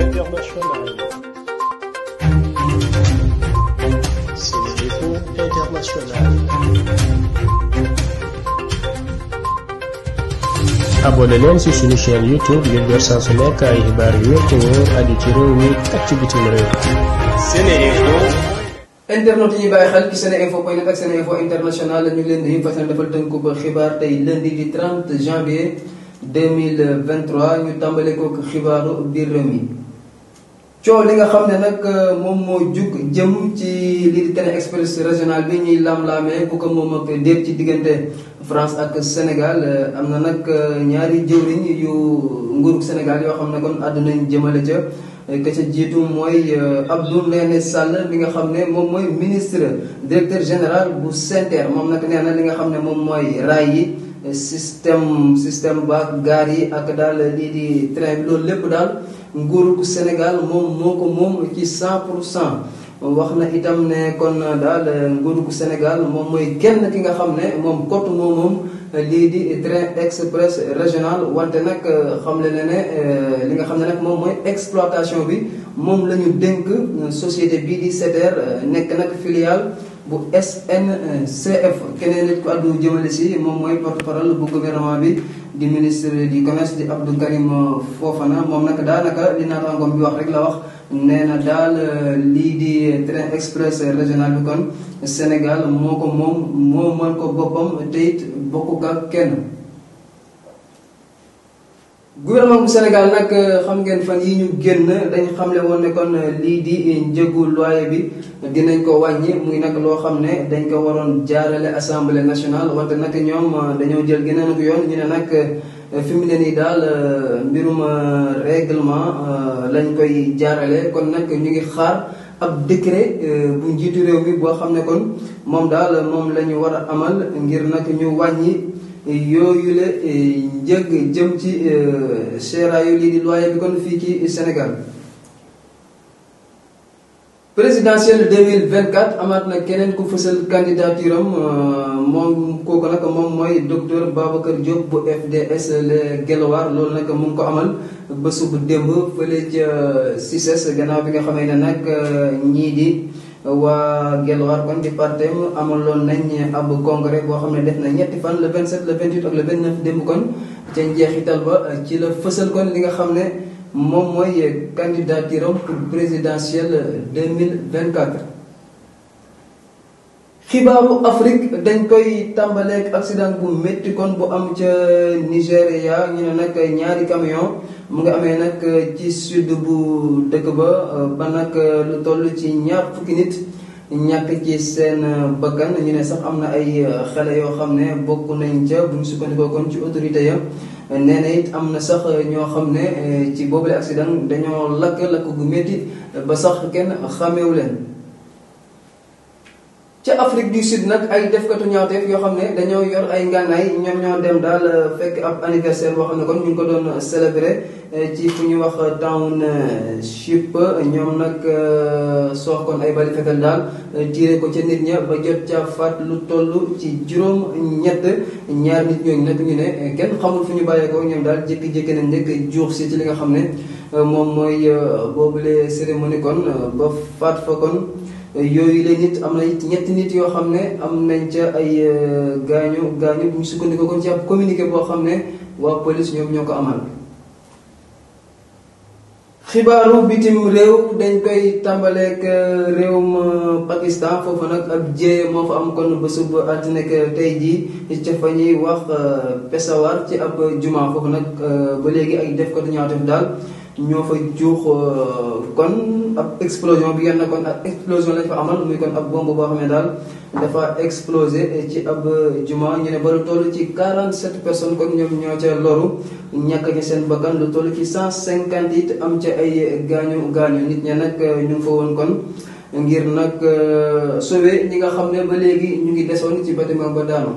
internationale. C'est l'info internationale. abonné leen ci suñu chaîne YouTube ngir jot saa yu wér te wóor ci réew mi ak ci bitim réew. SeneInfo. internet yi ñuy bàyyi xel ci seneinfo international ñu ngi leen di fas yéene defal tënku ba xibaar tey lundi di 30 janvier 2023 ñu tàmbale ko xibaaru biir réew mi. coow li nga xam ne nag euh, moom moo jug jëm ci lii di Télé Express régional bi ñuy lam-laamee bu ko moom ak déet ci diggante France ak Sénégal euh, am na nag euh, ñaari jëwriñ yu nguurug Sénégal yoo xam ne kon àddunañ jëmale ca ka ca jiitu mooy Abdou Ndéné Sall li nga xam ne moom mooy ministre directeur général bu SENTER moom nag nee na li nga xam ne moom mooy raay yi système système ba gaar yi ak daal lii di train loolu lépp daal nguurug Sénégal moom moo ko moom ci cent pour cent wax na itam ne kon daal nguurug Sénégal moom mooy kenn ki nga xam ne moom kott moo moom lii di train express régional wante nag xam le ne ne li nga xam ne nag moom mooy exploitation bi moom la ñu dénk société bi di SETER nekk nag filiale bu SNCF keneen nit ko àddu jëmale si moom mooy porte-parole bu gouvernement bi di ministre du commerce di Abdou Karim Fofana moom nag daanaka li naataangoom bi wax rek la wax nee na daal euh, lii di train express régional bi kon Sénégal moo ko moom moo mën ko boppam te it bokk ak kenn. gouvernement bu Sénégal nag euh, xam ngeen fan yi ñu génn dañ xamle woon ne kon euh, lii di euh, njëgu loyer bi dinañ ko wàññi muy nag loo xam ne dañ ko waroon jaarale assemblée nationale wante nak ñoom dañoo jël geneen ko yoon ñu ne nag fi mu ne nii daal mbirum règlement lañ koy jaarale kon nag ñu ngi xaar ab décret bu njiitu réew mi boo xam ne kon moom daal moom la ñu war a amal ngir nag ñu wàññi. yooyu la e, njëg jëm ci e, seeraayu lii di loyer bi kon fii ci Sénégal présidentielle 2024 amaat na keneen ku fësal candidature am e, moom kooku nag moom mooy docteur Babacar Diop bu FDS le Guelwaar loolu nag mu ngi ko amal bés bu démb fële ca CICES gannaaw bi nga xamee ne nag ñii di. waa Gelwaar kon di partem amaloon nañ ab congrès boo xam ne def na ñetti fan le 27 le 28 ak le 29 démb kon ca njeexital ba ci la fësal kon li nga xam ne moom mooy candidature pour présidentielle 2024. xibaaru Afrique dañ koy tàmbaleeg accident bu métti kon bu am ca Nigéria ñu ne nag ñaari camion mu nga amee nag euh, ci sud bu dëkk ba euh, ba nag euh, lu toll ci ñaar fukki nit ñàkk ci seen bakkan ñu ne sax am na ay xale yoo xam ne bokk nañ ca bu ñu sukkandikoo kon ci autorité ya nee it am na sax ñoo xam ne ci boobule accident dañoo lakk lakk gu métti ba sax kenn xameewu leen ca Afrique du Sud nag ay defkatu ñaawteef yoo xam ne dañoo yor ay ngànnaay ñoom ñoo dem daal euh, fekk ab anniversaire boo xam ne kon ñu ngi ko doon euh, célébrer euh, ci fu ñuy wax township ñoom nag soox kon ay bali fekkal daal tiire ko ca nit ña ba jot ca faat lu toll ci juróom ñett ñaar nit ñooñu nag ñu ne kenn xamul fu ñu bàyyeekoo ñoom daal jékki-jékki nañ nekk juux si ci li nga xam ne moom mooy boobule cérémonie kon ba faat fa kon yooyu la nit am na ñetti nit yoo xam ne am nañ ca ay euh, gaañu gaañu bu ñu sukkandikoo kon ci ab communiqué boo xam ne waa police ñoom ñoo ko amal. xibaaru bitim réew dañ koy tàmbaleek euh, réewum euh, Pakistan foofu nag ab jéeye moo fa am kon bésub altine ak tey jii ca fa ñuy wax Peshawar ci ab juma foofu nag ba léegi ak def ko ñaawteef daal ñoo fa juux kon. ab explosion bi ngeen ne kon ab explosion lañ fa amal muy kon ab bomb boo xam ne daal dafa explosé ci ab juma ñu ne ba lu ci ci 47 personnes kon ñoom ñoo ca loru ñàkk ñi seen bakkan lu toll ci cent cinquante it am ca ay gaañu gaañu nit ña nag ñu ngi fa woon kon. ngir nag euh, sauver ñi nga xam ne ba léegi ñu ngi desoon ci bâtiment ba daanu.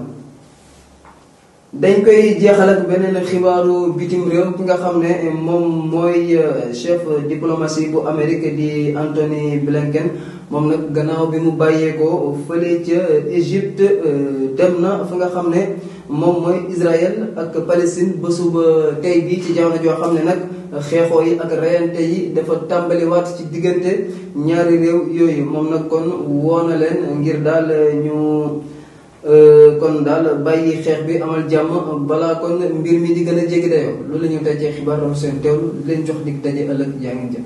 dañ koy jeexal ak beneen xibaaru bitim réew ki nga xam ne moom mooy euh, chef diplomatie bu Amérique di Anthony Blinken moom nag gannaaw bi mu bàyyeekoo fële ca Égypte euh, dem na fu nga xam ne moom mooy Israël ak Palestine ba suba tey bi ci jamono joo xam ne nag xeexoo yi ak reyante yi dafa tàmbaliwaat ci diggante ñaari réew yooyu moom nag kon woona leen ngir daal ñu Euh, kon daal bàyyi xeex bi amal jàmm balaa kon mbir mi di gën a jéggi dayoo loolu la ñu tey xibaar seen teewlu leen jox dig daje ëllëg yaa ngi jëm.